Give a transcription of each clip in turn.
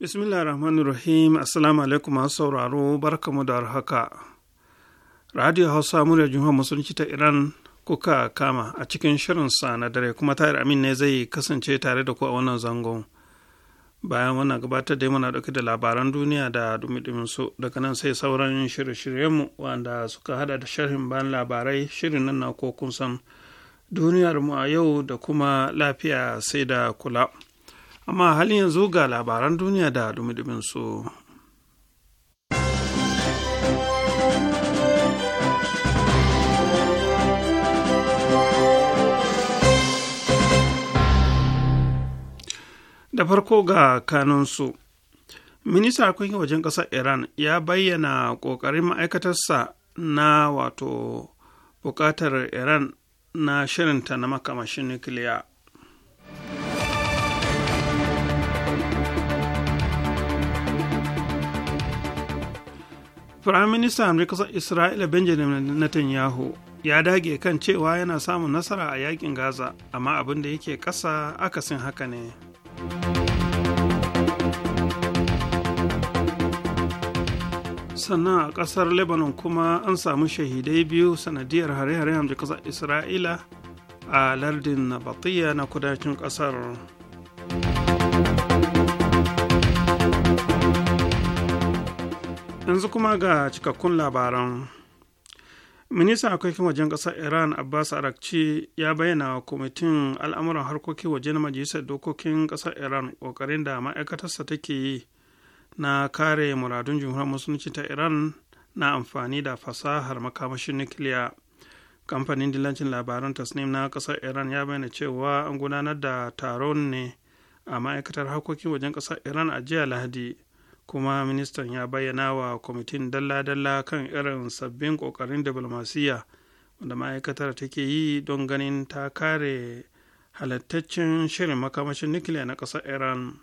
bismillah rahim assalamu alaikum masu sauraro barkamu da haka radio hausa murya jihar musulunci ta iran kuka kama a cikin shirin sa na dare kuma tayar amin ne zai kasance tare da ku a wannan zangon bayan wannan gabatar da muna dauke da labaran duniya da dumi su daga nan sai sauran shirye-shiryenmu wanda suka hada da sharhin bayan labarai shirin nan na ko kun san duniyar mu a yau da kuma lafiya sai da kula amma halin yanzu ga labaran duniya da dumi su. da farko ga kanunsu minista harkokin wajen ƙasar iran ya bayyana ƙoƙarin ma'aikatarsa na wato buƙatar iran na shirinta na makamashin nukiliya firaminista Kasar Isra'ila Benjamin Netanyahu ya dage kan cewa yana samun nasara a yakin Gaza, amma abin da yake kasa akasin haka ne. Sannan a ƙasar Lebanon kuma an samu shahidai biyu sanadiyar hare-hare hamji Isra'ila a lardin Nabatiya na kudancin ƙasar. yanzu kuma ga cikakkun labaran ministan harkokin wajen ƙasar iran abbas arakci ya bayyana wa kwamitin al'amuran harkokin wajen na majalisar dokokin ƙasar iran ƙoƙarin da ma'aikatarsa take yi na kare muradun jamhuriyar musulunci ta iran na amfani da fasahar makamashin nukiliya kamfanin dillancin labaran tasnim na ƙasar iran ya bayyana cewa an gudanar da taron ne a ma'aikatar harkokin wajen ƙasar iran a jiya lahadi kuma ministan ya bayyana wa kwamitin dalla-dalla kan irin sabbin ƙoƙarin diplomasiyya wanda ma'aikatar take yi don ganin ta kare halattaccen shirin makamashin nukiliya na ƙasar iran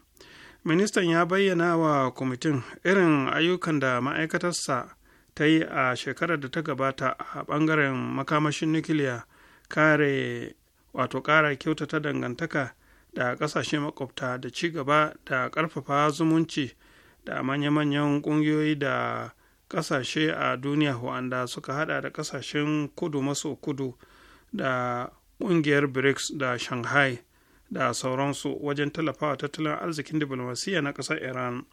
ministan ya bayyana wa kwamitin irin ayyukan da ma'aikatarsa ta yi a shekarar da ta gabata a bangaren makamashin nukiliya kare wato ƙara kyautata dangantaka da ƙasashe makwabta da ci gaba da ƙarfafa zumunci da manya-manyan ƙungiyoyi da ƙasashe a duniya wanda suka hada da ƙasashen kudu maso kudu da ƙungiyar brics da shanghai da sauransu wajen tallafawa tattalin arzikin diplomasiyya na ƙasar iran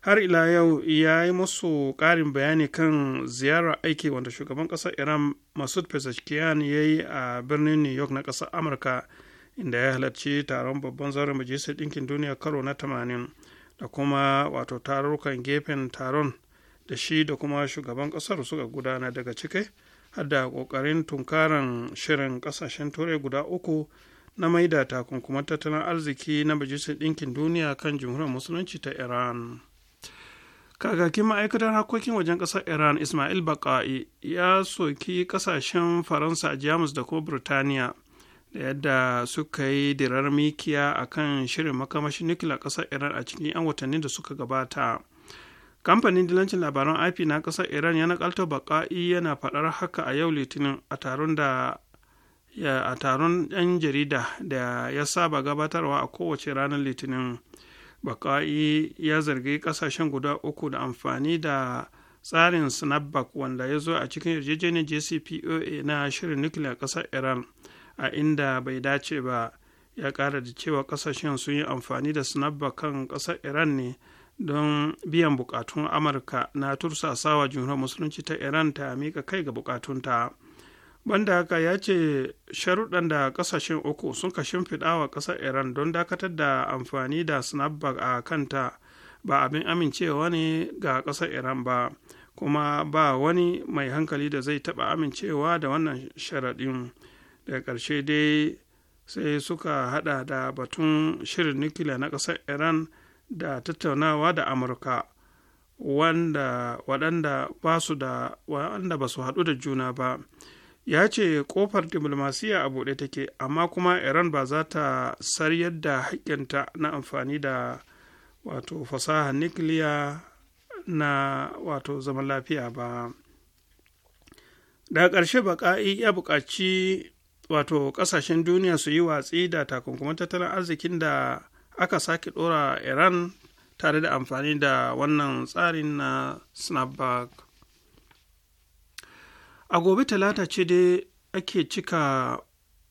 har ila yau ya yi musu ƙarin bayani kan ziyarar aiki wanda shugaban ƙasar iran masud pezeshkian ya yi a birnin new york na ƙasar amurka inda ya halarci taron babban zaren majalisar ɗinkin duniya karo na 80 da kuma wato tarurrukan gefen taron da shi da kuma shugaban ƙasar suka gudana daga cike har da ƙoƙarin tunkaran shirin ƙasashen turai guda uku na maida takunkuma tattalin arziki na majalisar ɗinkin duniya kan jamhuriyar musulunci ta iran kakakin ma'aikatar harkokin wajen ƙasar iran ismail baka'i ya soki ƙasashen faransa jamus da kuma burtaniya da yadda suka yi dirar mikiya a kan shirin makamashin nukila ƙasar iran a cikin 'yan watanni da suka gabata kamfanin dilancin labaran ip na ƙasar iran ya nakalta baƙa'i yana faɗar haka a yau litinin a taron da a taron 'yan jarida da ya saba gabatarwa a kowace ranar litinin baƙa'i ya zargi kasashen guda uku da amfani da tsarin snapback wanda ya zo a cikin yarjejeniyar jcpoa na shirin nukiliya ƙasar iran a inda bai dace ba ya ƙara da cewa kasashen sun yi amfani da snapback kan ƙasar iran ne don biyan bukatun amurka na tursasawa juna musulunci ta iran ta mika kai ga bukatunta banda haka ya ce sharuɗan da ƙasashen uku sun ka shimfiɗa wa ƙasar iran don dakatar da amfani da snapback a kanta ba abin amincewa ne ga ƙasar iran ba kuma ba wani mai hankali da zai taɓa amincewa da wannan sharaɗin da ƙarshe dai sai suka hada da batun shirin nukiliya na ƙasar iran da tattaunawa da amurka wanda waɗanda ba su da waɗanda ba su haɗu da juna ba ya ce ƙofar diplomasiya a buɗe take amma kuma iran ba za ta saryar da haƙƙinta na amfani da wato fasaha nukiliya na wato zaman lafiya ba daga ƙarshe baƙa'i ya buƙaci wato kasashen duniya su yi watsi da takunkuman tattalin arzikin da aka sake dora iran tare da amfani da wannan tsarin na snapback a gobe talata ce dai ake cika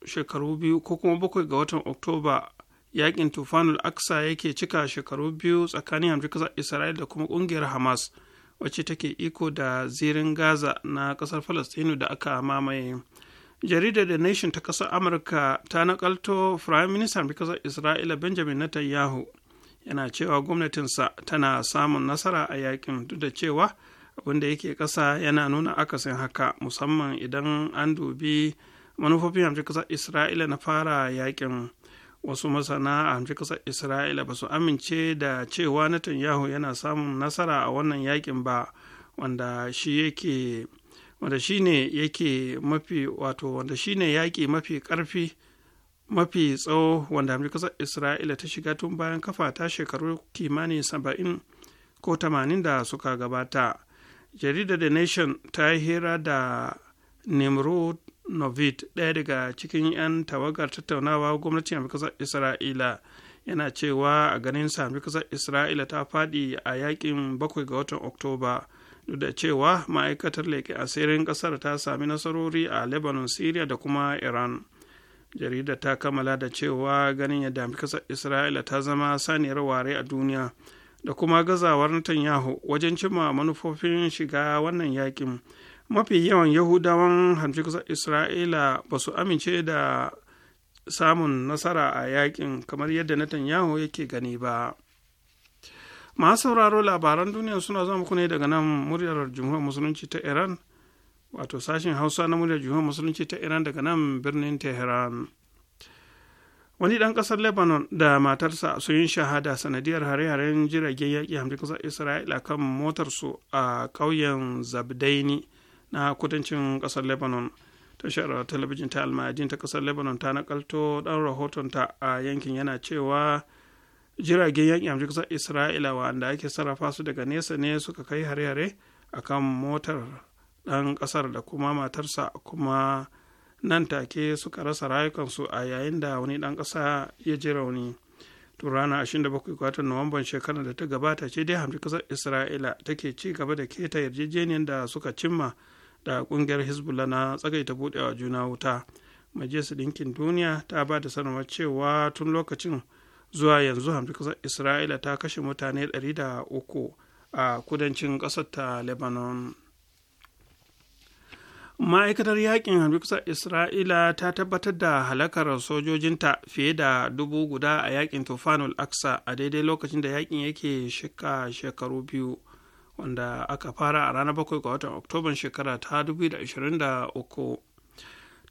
shekaru biyu ko kuma bakwai ga watan oktoba yakin tufanul aksa yake cika shekaru biyu tsakanin amurka isra'ila da kuma kungiyar hamas wacce take iko da zirin gaza na kasar falastinu da aka mamaye jaridar the nation ta kasar amurka ta nakalto prime minister kasar isra'ila benjamin netanyahu yana cewa gwamnatinsa tana samun nasara a yakin duk da cewa abin da yake ƙasa yana nuna akasin haka musamman idan an dubi manufofin hamshin ƙasar isra'ila na fara yakin wasu masana a hamshin ƙasar isra'ila ba su amince da cewa netanyahu yana samun nasara a wannan yakin ba wanda shi yake wanda shine yake mafi wato wanda ne yaƙi mafi ƙarfi mafi tsawo wanda amurka isra'ila ta shiga tun bayan kafa ta shekaru kimanin saba'in ko tamanin da suka gabata jaridar the nation ta yi hira da nimrod novit ɗaya daga cikin 'yan tawagar tattaunawa gwamnatin amurka isra'ila yana cewa a ganin sami kasar isra'ila ta faɗi a yaƙin bakwai ga watan oktoba duk da cewa ma'aikatar leƙen asirin ƙasar ta sami nasarori a lebanon syria da kuma iran jaridar ta kammala da cewa ganin ya dami ƙasar isra'ila ta zama saniyar ware a duniya da kuma gazawar netanyahu wajen cimma manufofin shiga wannan yakin mafi yawan yahudawan hamshi ƙasar isra'ila ba su amince da samun nasara a yakin kamar yadda netanyahu yake gani ba masu sauraro labaran duniya suna zama muku ne daga nan muryar jumhuriyar musulunci ta iran wato sashen hausa na muryar jumhuriyar musulunci ta iran daga nan birnin tehran wani dan kasar lebanon da matarsa sun yi shahada sanadiyar hare-haren jiragen yaƙi hamdin ƙasar isra'ila kan motarsu a ƙauyen zabdaini na kudancin ƙasar lebanon tashar talabijin ta almajin ta kasar lebanon ta nakalto ɗan ta a yankin yana cewa jiragen yakin amshi kasar isra'ila wanda ake sarrafa su daga nesa ne suka kai hare-hare a kan motar ɗan ƙasar da kuma matarsa kuma nan take suka rasa rayukansu a yayin da wani ɗan ƙasa ya ji rauni tun ranar 27 ga watan nuwamban shekarar da ta gabata ce dai hamshi ƙasar isra'ila take ci gaba da keta yarjejeniyar da suka cimma da ƙungiyar hezbollah na tsagaita buɗewa juna wuta majalisar ɗinkin duniya ta ba da sanarwar cewa tun lokacin zuwa yanzu hamsin isra'ila ta kashe mutane 300 a kudancin kasar ta lebanon ma'aikatar yakin hamsin isra'ila ta tabbatar da halakar sojojinta fiye da dubu guda a yakin tufanul aksa a daidai lokacin da yakin yake shika shekaru biyu wanda aka fara a ranar 7 ga watan oktoban shekara ta 2023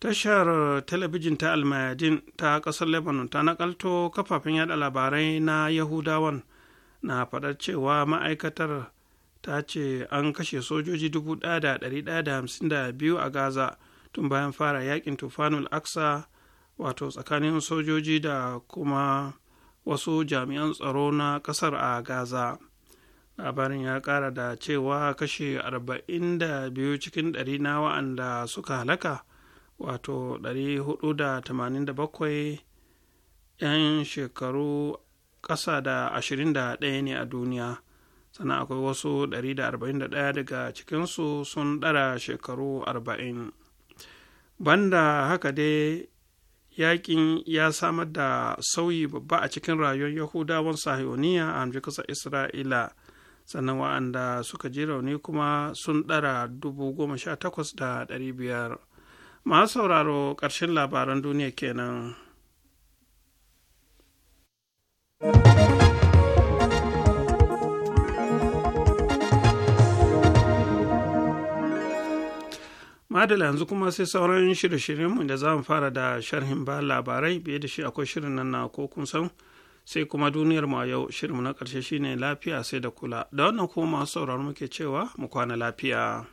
tashar talabijin ta almayadin ta ƙasar lebanon ta nakalto kafafen yada labarai na yahudawan na faɗar cewa ma'aikatar ta ce an kashe sojoji 1,152 a gaza tun bayan fara yakin tufanul aksa wato tsakanin sojoji da kuma wasu jami'an tsaro na ƙasar a gaza labarin ya ƙara da cewa kashe 42 cikin 100 na wa'anda suka halaka wato 487 'yan shekaru ƙasa da 21 ne a duniya sannan akwai wasu 141 daga cikinsu sun ɗara shekaru 40 banda haka dai yakin ya samar da sauyi babba a cikin rayuwar yahudawan sahioniya a hamshi kasar isra'ila sannan wa'anda suka ji rauni kuma sun ɗara dubu goma sha takwas da masu sauraro ƙarshen labaran duniya kenan. madala yanzu kuma sai sauran shirye-shiryenmu da za mu fara da sharhin ba labarai biye da shi akwai shirin nan na ko kun san sai kuma duniyar mu a yau mu na ƙarshe shine lafiya sai da kula da wannan kuma masu sauraron muke cewa mu kwana lafiya.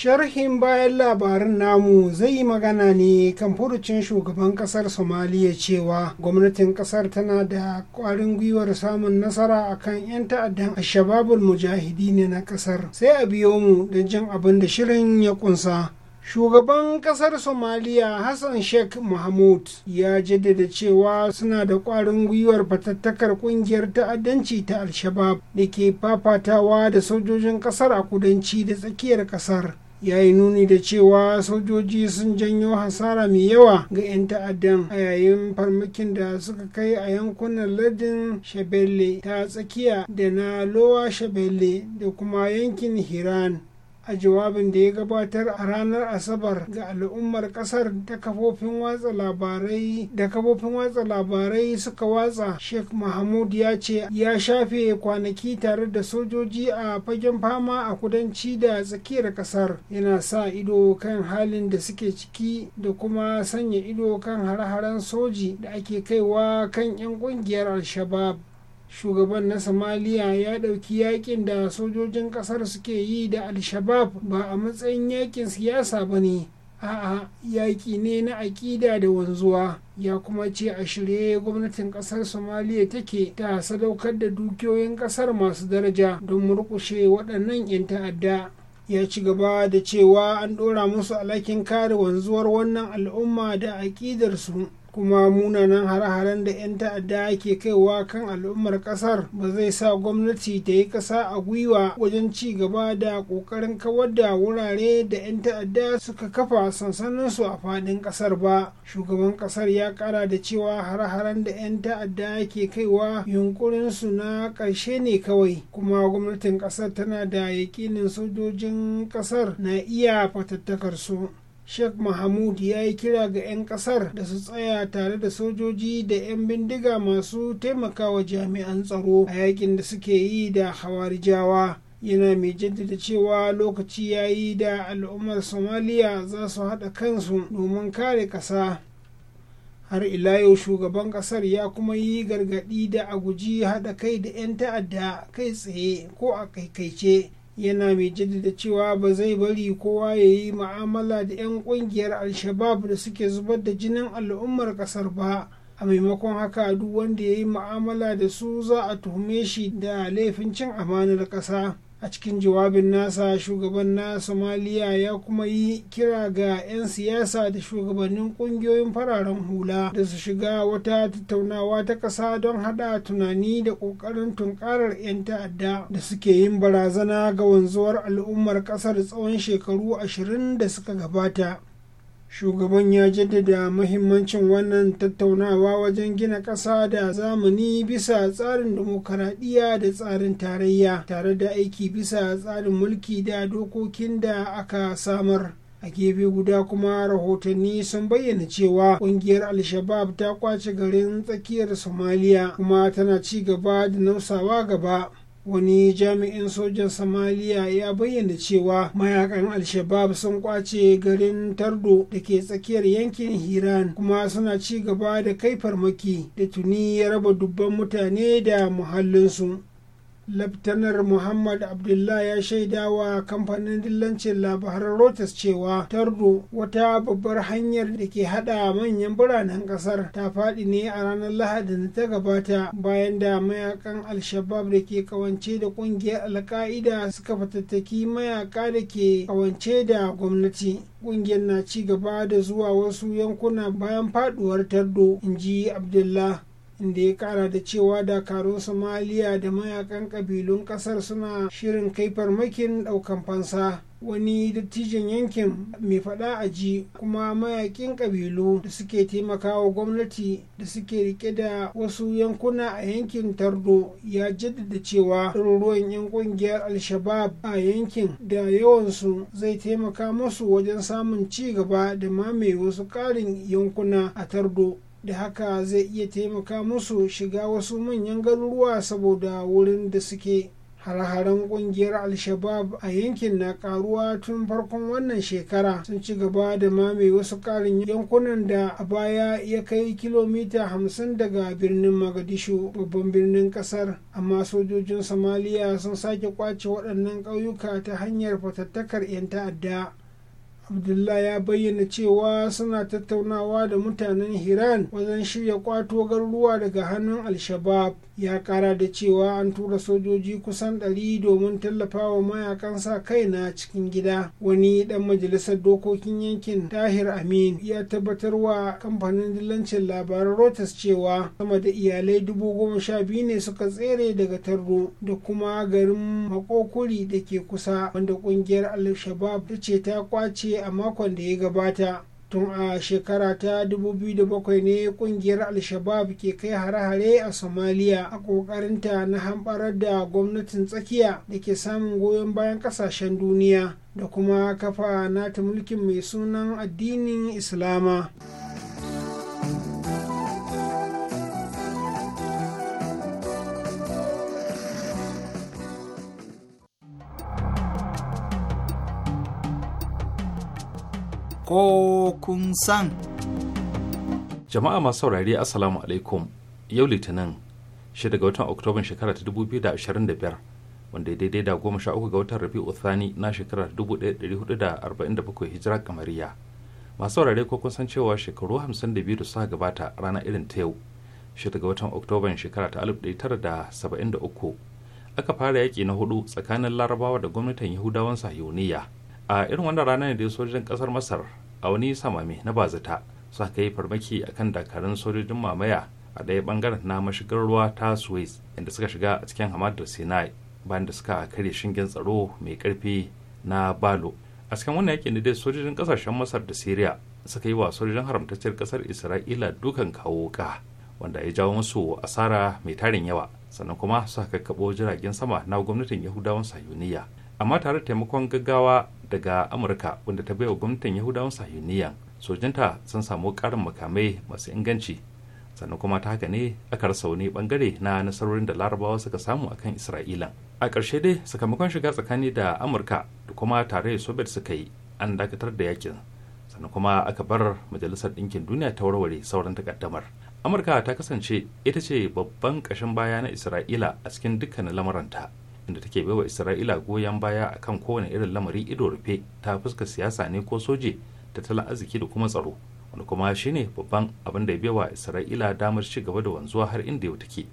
sharhin bayan labarin namu zai yi magana ne kan furucin shugaban kasar somaliya cewa gwamnatin kasar tana da kwarin gwiwar samun nasara a kan 'yan ta'addan ashababul mujahidi ne na kasar sai a biyo mu don jin abin da shirin ya kunsa shugaban kasar somaliya hassan sheikh mahmud ya jaddada cewa suna da kwarin gwiwar fatattakar kungiyar ta'addanci ta al-shabab da ke fafatawa da sojojin kasar a kudanci da tsakiyar kasar ya yi nuni da cewa sojoji sun janyo hasara mai yawa ga 'yan ta'addan a yayin farmakin da suka kai a yankunan Ladin shabelle ta tsakiya da na lowa shabelle da kuma yankin hiran a jawabin da ya gabatar a ranar asabar ga al'ummar kasar ta kafofin watsa labarai da kafofin watsa labarai suka watsa sheikh mahmud ya ce ya shafe kwanaki tare da sojoji a fagen fama a kudanci da tsakiyar kasar yana sa ido kan halin da suke ciki da kuma sanya ido kan har haren soji da ake kaiwa kan 'yan kungiyar al-shabab shugaban na somaliya ya ɗauki yakin da sojojin ƙasar suke yi da al-shabab ba a matsayin yakin siyasa ba ne a'a yaƙi ne na aƙida da wanzuwa ya kuma ce a shirye gwamnatin ƙasar somaliya take ta sadaukar da dukiyoyin ƙasar masu daraja don murƙushe waɗannan 'yan ta'adda ya ci gaba da cewa an ɗora musu alhakin kare wanzuwar wannan al'umma da aƙidarsu kuma munanan hare-haren da 'yan ta'adda ke kaiwa kan al'ummar kasar ba zai sa gwamnati ta yi kasa a gwiwa wajen ci gaba da ƙoƙarin kawar da wurare da 'yan ta'adda suka kafa sansaninsu a faɗin kasar ba shugaban kasar ya ƙara da cewa hare-haren da 'yan ta'adda ke kaiwa yunkurin su na ƙarshe ne kawai kuma gwamnatin kasar tana da yakinin sojojin kasar na iya fatattakar su Sheikh Mahmud ya yi kira ga 'yan kasar da su tsaya tare da sojoji da 'yan bindiga masu taimakawa jami'an tsaro a yakin da suke yi da hawarijawa. yana mai jaddada cewa lokaci ya yi da al'ummar somaliya za su haɗa kansu domin kare ƙasa har ila yau shugaban ƙasar ya kuma yi gargaɗi da a guji haɗa kai da 'yan ta'adda kai tsaye ko a kaikaice yana mai jaddada cewa ba zai bari kowa ya yi ma'amala da 'yan kungiyar al-shabab da suke zubar da jinin al'ummar kasar ba a maimakon haka duk wanda ya yi ma'amala da su za a tuhume shi da laifin cin amanar ƙasa a cikin jawabin nasa shugaban na somaliya ya kuma yi kira ga 'yan siyasa da shugabannin kungiyoyin fararen hula da su shiga wata tattaunawa ta ƙasa don hada tunani da ƙoƙarin tunkarar 'yan ta'adda da suke yin barazana ga wanzuwar al'ummar ƙasar tsawon shekaru ashirin da suka gabata shugaban ya jaddada mahimmancin wannan tattaunawa wajen gina ƙasa da zamani bisa tsarin demokaradiyya da tsarin tarayya tare da aiki bisa tsarin mulki da dokokin da aka samar a gefe guda kuma rahotanni sun bayyana cewa kungiyar al-shabab ta kwace garin tsakiyar somaliya kuma tana ci gaba da nausawa gaba wani jami'in sojan somaliya ya bayyana cewa mayakan al-shabab sun kwace garin tardo da ke tsakiyar yankin hiran kuma suna ci gaba da kai farmaki da tuni ya raba dubban mutane da muhallinsu laftanar muhammad Abdullahi ya shaida wa kamfanin dillancin labaran rotas cewa tardo wata babbar hanyar da ke hada manyan biranen kasar ta faɗi ne a ranar lahadin da ta gabata bayan da mayakan al-shabab da ke kawance da kungiyar alka'ida suka fatattaki mayaka da ke kawance da gwamnati kungiyar na ci gaba da zuwa wasu yankuna bayan faduwar tardo in ji abdullah inda ya kara da cewa dakarun somaliya da mayakan kabilun kasar suna shirin kai farmakin daukan fansa wani dattijan yankin mai fada a ji kuma mayakin kabilu da suke taimakawa gwamnati da suke rike da wasu yankuna a yankin tardo ya jaddada cewa ɗaruruwan 'yan ƙungiyar al-shabab a yankin da yawansu zai taimaka musu wajen samun ci gaba da mamaye wasu ƙarin yankuna a tardo da haka zai iya taimaka musu shiga wasu manyan garuruwa saboda wurin da suke hare-haren kungiyar al-shabab a yankin na karuwa tun farkon wannan shekara sun ci gaba da mame wasu karin yankunan da a baya ya kai kilomita 50 daga birnin magadishu babban birnin kasar amma sojojin somaliya sun sake kwace waɗannan ƙauyuka ta hanyar fatattakar 'yan ta'adda abdullah ya bayyana cewa suna tattaunawa da mutanen hiran wajen shirya kwato garuruwa daga hannun al ya kara da cewa an tura sojoji kusan ɗari domin tallafawa mayakan sa kai na cikin gida wani ɗan majalisar dokokin yankin tahir amin ya tabbatar wa kamfanin dillancin labaran rotas cewa sama da iyalai dubu goma sha biyu ne suka tsere daga tarro da kuma garin makokuri da ke kusa wanda ƙungiyar al-shabab ta ce ta kwace a makon da ya gabata tun a shekara ta 2007 ne kungiyar al-shabab ke kai hare-hare a somaliya a kokarinta na hamɓarar da gwamnatin tsakiya da ke samun goyon bayan ƙasashen duniya da kuma kafa nata mulkin mai sunan addinin islama. ko kun san. Jama'a masu saurari Assalamu alaikum yau Litinin shi daga watan Oktoban shekara ta 2025 wanda ya daidai da goma sha uku ga watan Rabi'u Thani na shekarar 1447 hijira kamariya. Masu saurari ko kun san cewa shekaru 52 da suka gabata rana irin ta yau shi daga watan Oktoban shekara ta 1973 aka fara yaƙi na hudu tsakanin larabawa da gwamnatin yahudawan sahiyoniya a irin wannan rana ne da sojojin ƙasar masar a wani samami na bazata su haka yi farmaki akan dakarun sojojin mamaya a ɗaya bangaren na mashigar ruwa ta suez inda suka shiga a cikin hamadar sinai bayan da suka karya shingen tsaro mai karfi na balo a cikin wannan yakin da dai sojojin kasashen masar da syria suka yi wa sojojin haramtacciyar kasar isra'ila dukan kawo ka wanda ya jawo musu asara mai tarin yawa sannan kuma suka kakkaɓo jiragen sama na gwamnatin yahudawan sayuniya amma tare da taimakon gaggawa daga amurka wanda ta baiwa gwamnatin yahudawan sahiyuniyan sojanta sun samu karin makamai masu inganci sannan kuma ta haka ne aka rasa wani bangare na nasarorin da larabawa suka samu akan isra'ila a ƙarshe dai sakamakon shiga tsakani da amurka da kuma tare soviet suka yi an dakatar da yakin sannan kuma aka bar majalisar ɗinkin duniya ta warware sauran takaddamar amurka ta kasance ita ce babban ƙashin baya na isra'ila a cikin dukkanin lamuranta inda take baiwa isra'ila goyon baya a kan kowane irin lamari ido rufe ta fuska siyasa ne ko soje tattalin arziki da kuma tsaro wani kuma shine babban abin da ya baiwa isra'ila damar ci gaba da wanzuwa har inda yau take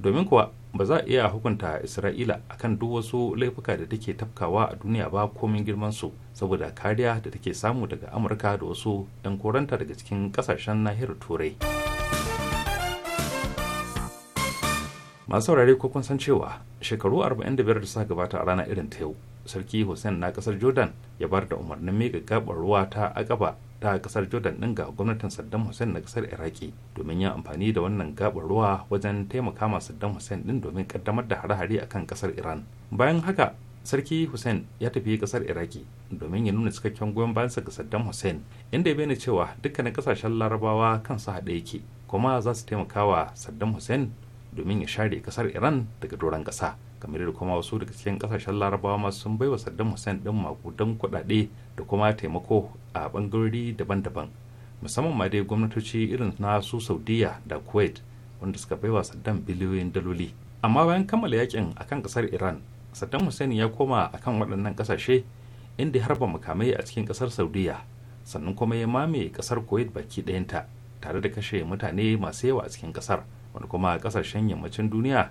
domin kuwa ba za a iya hukunta isra'ila akan duk wasu laifuka da take tafkawa a duniya ba komin girman su saboda kariya da take samu daga amurka da wasu 'yan koranta daga cikin kasashen nahiyar turai masu saurare ko kun san cewa shekaru 45 da suka gabata a rana irin ta yau sarki hussein na kasar jordan ya bar da umarnin mega gabar ruwa ta agaba ta kasar jordan din ga gwamnatin saddam hussein na kasar iraki domin yin amfani da wannan gabar ruwa wajen taimaka ma saddam hussein din domin kaddamar da hare-hare kan kasar iran bayan haka sarki hussein ya tafi kasar iraki domin ya nuna cikakken goyon bayansa ga saddam hussein inda ya bayyana cewa dukkanin kasashen larabawa kansu haɗe yake kuma za su taimaka wa saddam hussein domin ya share kasar iran daga doron kasa kamar da kuma wasu daga cikin kasashen larabawa masu sun baiwa saddam hussein din makudan kuɗaɗe da kuma taimako a bangarori daban-daban musamman ma dai gwamnatoci irin na su saudiya da kuwait wanda suka baiwa saddam biliyoyin daloli amma bayan kammala yakin akan kasar iran saddam hussein ya koma akan waɗannan kasashe inda ya harba makamai a cikin kasar saudiya sannan kuma ya mame kasar kuwait baki ɗayanta tare da kashe mutane masu yawa a cikin kasar wani kuma kasashen yammacin duniya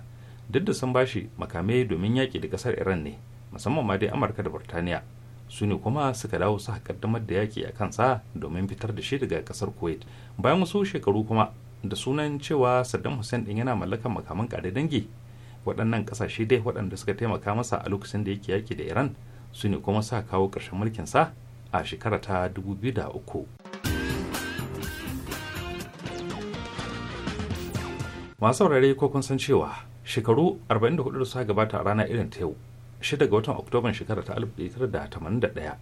duk da sun bashi makamai domin yaƙi da kasar iran ne musamman ma dai amurka da burtaniya su ne kuma suka dawo su kaddamar da yaƙi a kansa domin fitar da shi daga kasar kuwait bayan wasu shekaru kuma da sunan cewa saddam hussein din yana mallakan makaman ƙare dangi waɗannan ƙasashe dai waɗanda suka taimaka masa a lokacin da yake yaƙi da iran su ne kuma suka kawo ƙarshen mulkinsa a shekara ta 2003 masu saurari ko kun san cewa shekaru 44 da suka gabata a rana irin ta yau 6 ga watan oktoban shekara ta 1981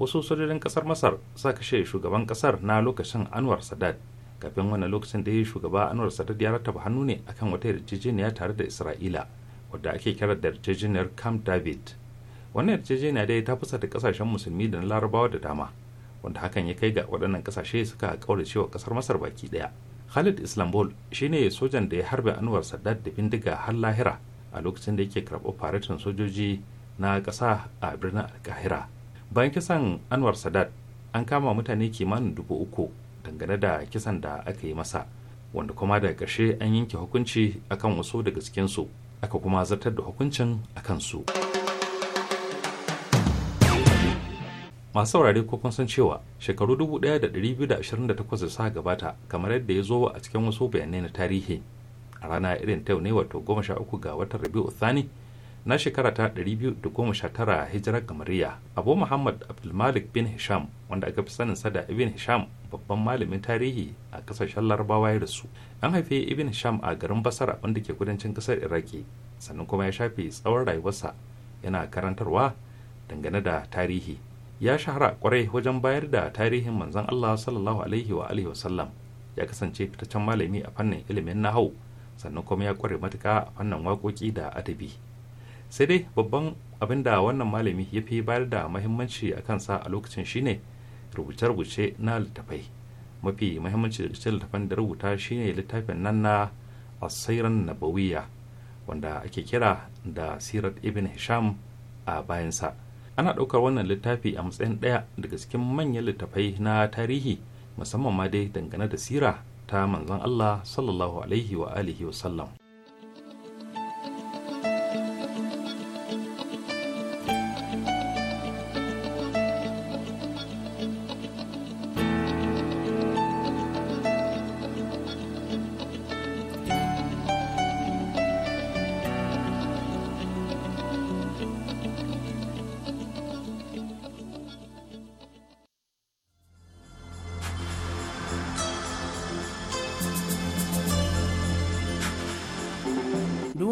wasu sojojin kasar masar sa kashe shugaban kasar na lokacin anwar sadat kafin wannan lokacin da ya shugaba anwar sadat ya rattaba hannu ne akan wata yarjejeniya tare da isra'ila wadda ake kira da yarjejeniyar camp david wannan yarjejeniya dai ta fusa da kasashen musulmi da na larabawa da dama wanda hakan ya kai ga waɗannan kasashe suka kaurace wa kasar masar baki ɗaya khalid islambol shine sojan da ya harbe anwar sadat da bindiga har lahira a lokacin da yake karɓo faratin sojoji na ƙasa a birnin alkahira bayan kisan anwar sadat an kama mutane kimanin dubu uku dangane da kisan da aka yi masa wanda kuma daga ƙarshe an yanke hukunci akan wasu daga cikinsu aka kuma zartar da hukuncin akan su. masu saurari ko kun san cewa shekaru 1228 da suka gabata kamar yadda ya zo a cikin wasu bayanai na tarihi a rana irin ta ne wato 13 ga watan rabi'u thani na shekara ta 219 hijirar gamariya abu muhammad abdulmalik bin hisham wanda aka fi sanin sada ibn hisham babban malamin tarihi a kasashen larabawa ya rasu an haife ibn hisham a garin basara wanda ke kudancin kasar iraki sannan kuma ya shafe tsawon rayuwarsa yana karantarwa dangane da tarihi ya shahara kwarai wajen bayar da tarihin manzon Allah sallallahu alaihi wa alihi ya kasance fitaccen malami a fannin ilimin nahau sannan kuma ya kware matuka a fannin waƙoƙi da adabi sai dai babban abin da wannan malami ya fi bayar da mahimmanci a kansa a lokacin shine rubuce-rubuce na littafai mafi mahimmanci da littafan da rubuta shine littafin nan na asiran nabawiya wanda ake kira da sirat ibn hisham a bayansa ana ɗaukar wannan littafi a matsayin ɗaya daga cikin manyan littafai na tarihi musamman ma dai dangane da sira ta manzon Allah sallallahu alaihi wa alihi wa sallam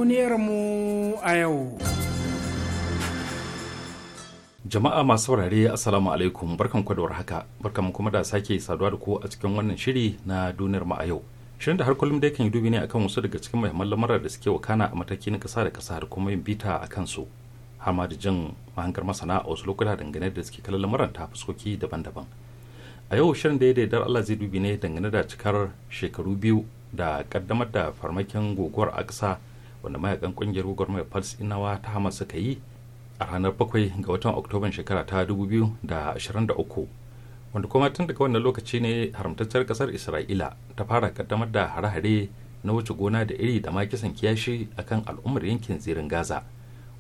mu a yau. Jama'a masu saurare Assalamu alaikum barkan da haka barkan kuma da sake saduwa da ku a cikin wannan shiri na duniyar mu a yau. Shirin da har kullum dai kan yi dubi ne akan wasu daga cikin muhimman lamarar da suke wakana a mataki na kasa da kasa da kuma yin bita a kansu. Har ma da jin mahangar masana a wasu lokuta dangane da suke kallon lamarar ta fuskoki daban-daban. A yau shirin da ya daidar Allah zai dubi ne dangane da cikar shekaru biyu da kaddamar da farmakin guguwar aksa wanda mayakan kungiyar gwagwarmayar inawa ta hamas suka yi a ranar bakwai ga watan oktoban shekara ta 2023 wanda kuma tun daga wannan lokaci ne haramtacciyar kasar isra'ila ta fara kaddamar da hare-hare na wuce gona da iri da makisan kiyashi a kan al'ummar yankin zirin gaza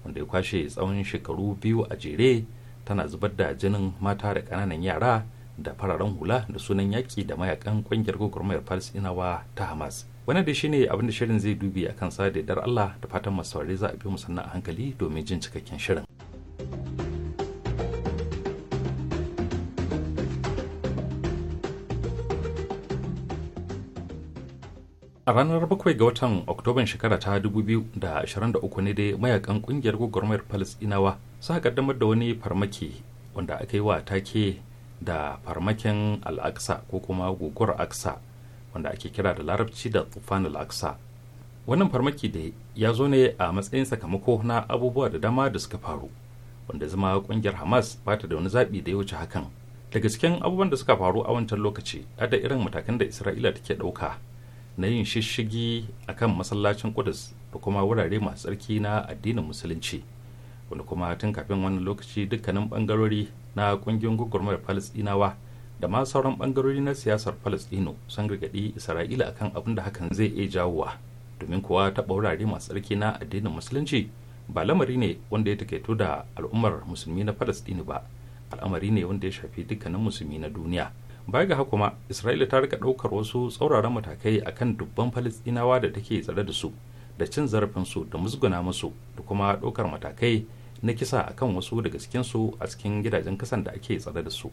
wanda ya kwashe tsawon shekaru biyu a jere tana zubar da jinin mata da ƙananan yara da fararen hula da sunan yaƙi da mayakan ƙungiyar gwagwarmayar inawa ta hamas wani da shine abin da shirin zai dubi a kansa da dar Allah da fatan masu saurare za a bi mu sannan a hankali domin jin cikakken shirin a ranar 7 ga watan oktoban shekara ta 2023 ne dai mayakan kungiyar gwagwarmayar palestinawa suka kaddamar da wani farmaki wanda aka yi wa take da farmakin al'aksa ko kuma guguwar aksa wanda ake kira da larabci da tufanul wannan farmaki da ya zo ne a matsayin sakamako na abubuwa da dama da suka faru wanda zama kungiyar hamas ba ta da wani zaɓi da ya wuce hakan daga cikin abubuwan da suka faru a wancan lokaci da irin matakan da isra'ila take ɗauka na yin shishigi a kan masallacin kudus da kuma wurare masu tsarki na addinin musulunci wanda kuma tun kafin wannan lokaci dukkanin bangarori na kungiyar gwagwarmayar falasɗinawa da ma sauran bangarori na siyasar palestino sun gargaɗi isra'ila akan abin da hakan zai iya jawowa domin kuwa taɓa wurare masu tsarki na addinin musulunci ba lamari ne wanda ya taketo da al'ummar musulmi na palestino ba al'amari ne wanda ya shafi dukkanin musulmi na duniya baya ga haka kuma isra'ila ta rika ɗaukar wasu tsauraran matakai akan dubban palestinawa da take tsare da su da cin zarafin su da musguna musu da kuma ɗaukar matakai na kisa akan wasu daga su a cikin gidajen kasan da ake tsare da su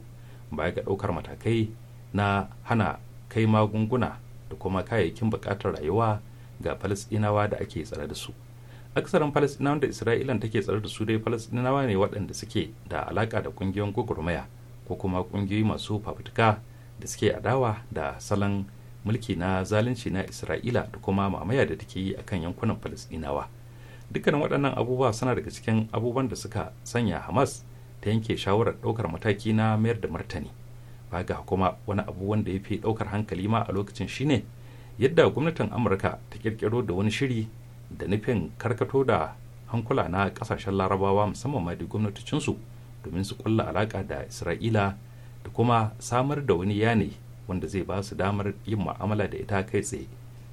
baya ga ɗaukar matakai na hana kai magunguna da kuma kayayyakin buƙatar rayuwa ga falasɗinawa da ake tsare da su aksarin falastinawa da isra'ila take tsare da su dai falasɗinawa ne waɗanda suke da alaka da ƙungiyoyin gwagwarmaya ko kuma ƙungiyoyi masu fafutuka da suke adawa da salon mulki na zalunci na isra'ila da kuma mamaya da take yi akan yankunan falasɗinawa dukkanin waɗannan abubuwa suna daga cikin abubuwan da suka sanya hamas ta yanke shawarar ɗaukar mataki na mayar da martani ba ga kuma wani abu wanda ya fi ɗaukar hankali ma a lokacin shine yadda gwamnatin amurka ta kirkiro da wani shiri da nufin karkato da hankula na ƙasashen larabawa musamman ma da gwamnatocinsu domin su kulla alaka da isra'ila da kuma samar da wani yane wanda zai ba su damar yin mu'amala da ita kai tsaye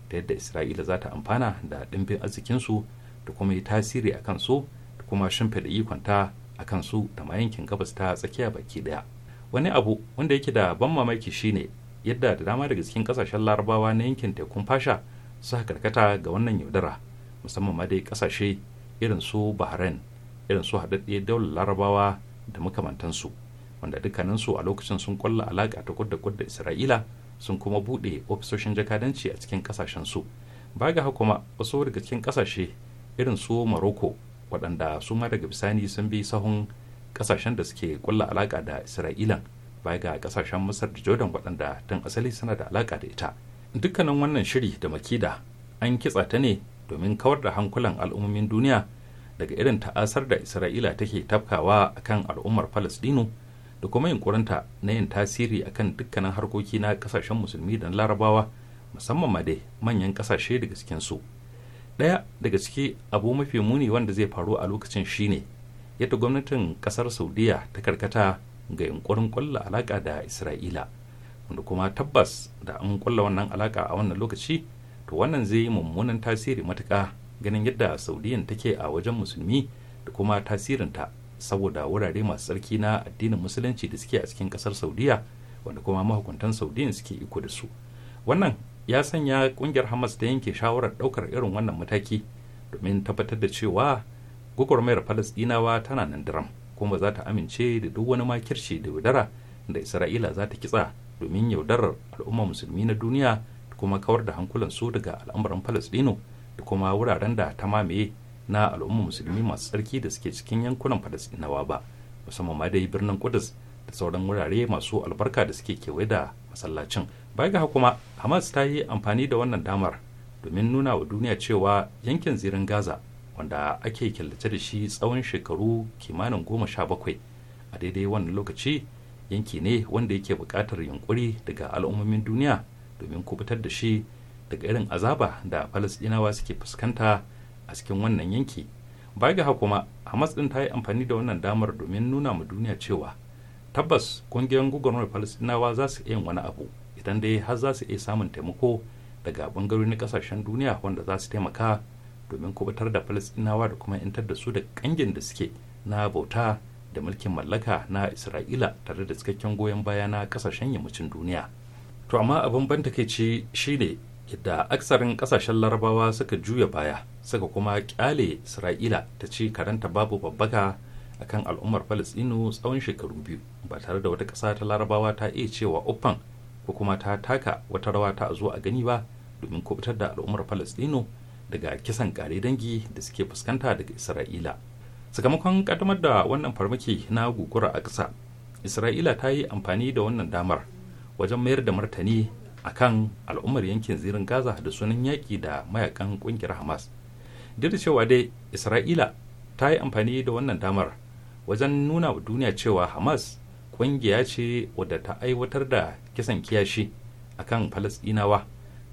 ta yadda isra'ila za ta amfana da ɗimbin arzikinsu da kuma yi tasiri a kan su da kuma shimfiɗa ikonta a kansu da ma yankin gabas ta tsakiya baki daya wani abu wanda yake da ban mamaki shine yadda da dama daga cikin kasashen larabawa na yankin tekun fasha suka karkata ga wannan yaudara musamman ma dai kasashe irin su bahrain irin su haɗaɗɗe daular larabawa da makamantansu wanda dukkaninsu a lokacin sun kwalla alaƙa ta kudda kudda isra'ila sun kuma buɗe ofisoshin jakadanci a cikin kasashen su baga ga kuma wasu daga cikin kasashe irin su maroko waɗanda su ma daga bisani sun bi sahun kasashen da suke kulla alaƙa da isra'ilan baya ga kasashen masar da jordan waɗanda tun asali suna da alaƙa da ita dukkanin wannan shiri da makida an kitsa ta ne domin kawar da hankulan al'ummomin duniya daga irin ta'asar da isra'ila take tafkawa akan al'ummar falastinu da kuma yunkurinta na yin tasiri akan dukkanin harkoki na kasashen musulmi da larabawa musamman ma dai manyan kasashe daga cikinsu su ɗaya daga ciki abu mafi muni wanda zai faru a lokacin shine yadda gwamnatin kasar saudiya ta karkata ga yunkurin kwalla alaƙa da isra'ila wanda kuma tabbas da an kwalla wannan alaka a wannan lokaci to wannan zai yi mummunan tasiri matuka ganin yadda saudiyan take a wajen musulmi da kuma tasirinta saboda wurare masu tsarki na addinin musulunci da suke a cikin kasar saudiya wanda kuma mahukuntan saudiyan suke iko da su wannan ya sanya kungiyar hamas da yanke shawarar daukar irin wannan mataki domin tabbatar da cewa gwagwarmayar falasdinawa tana nan diram kuma za ta amince da duk wani makirci da yaudara da isra'ila za ta kitsa domin yaudarar al'ummar musulmi na duniya da kuma kawar da hankulansu daga al'amuran falasdino da kuma wuraren da ta mamaye na al'ummar musulmi masu tsarki da suke cikin yankunan falasdinawa ba musamman ma dai birnin kudus da sauran wurare masu albarka da suke kewaye da masallacin baya ga kuma hamas ta yi amfani da wannan damar domin nuna wa duniya cewa yankin zirin gaza wanda ake killace da shi tsawon shekaru kimanin goma sha bakwai a daidai wannan lokaci yanki ne wanda yake buƙatar yunkuri daga al'ummomin duniya domin kubutar da shi daga irin azaba da falasɗinawa suke fuskanta a cikin wannan yanki ba ga kuma hamas ɗin ta yi amfani da wannan damar domin nuna ma duniya cewa tabbas ƙungiyar gugunar falasɗinawa za su iya yin wani abu idan dai har za su iya samun taimako daga bangarori na kasashen duniya wanda za su taimaka domin kubutar da falasɗinawa da kuma 'yantar da su da kangin da suke na bauta da mulkin mallaka na isra'ila tare da cikakken goyon baya na kasashen yammacin duniya to amma abin ban takaici ne yadda aksarin kasashen larabawa suka juya baya suka kuma kyale isra'ila ta ci karanta babu babbaka akan al'ummar falasɗinu tsawon shekaru biyu ba tare da wata ƙasa ta larabawa ta iya cewa uffan ko kuma ta taka wata rawa ta zo a gani ba domin kubutar da al'ummar falastino daga kisan kare dangi da suke fuskanta daga isra'ila sakamakon kaddamar da wannan farmaki na gugura a ƙasa isra'ila ta yi amfani da wannan damar wajen mayar da martani a kan al'ummar yankin zirin gaza da sunan yaƙi da mayakan ƙungiyar hamas duk da cewa dai isra'ila ta yi amfani da wannan damar wajen nuna wa duniya cewa hamas Ƙungiya ce wadda ta aiwatar da kisan kiyashi a kan falasdinawa